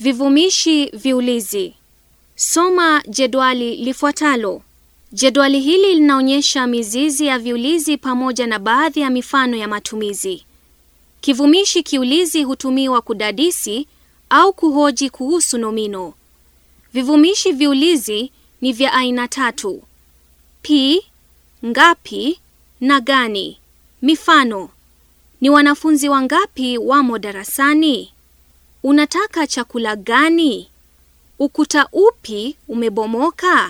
Vivumishi viulizi. Soma jedwali lifuatalo. Jedwali hili linaonyesha mizizi ya viulizi pamoja na baadhi ya mifano ya matumizi. Kivumishi kiulizi hutumiwa kudadisi au kuhoji kuhusu nomino. Vivumishi viulizi ni vya aina tatu: pi, ngapi na gani. Mifano: ni wanafunzi wangapi wamo darasani? Unataka chakula gani? Ukuta upi umebomoka?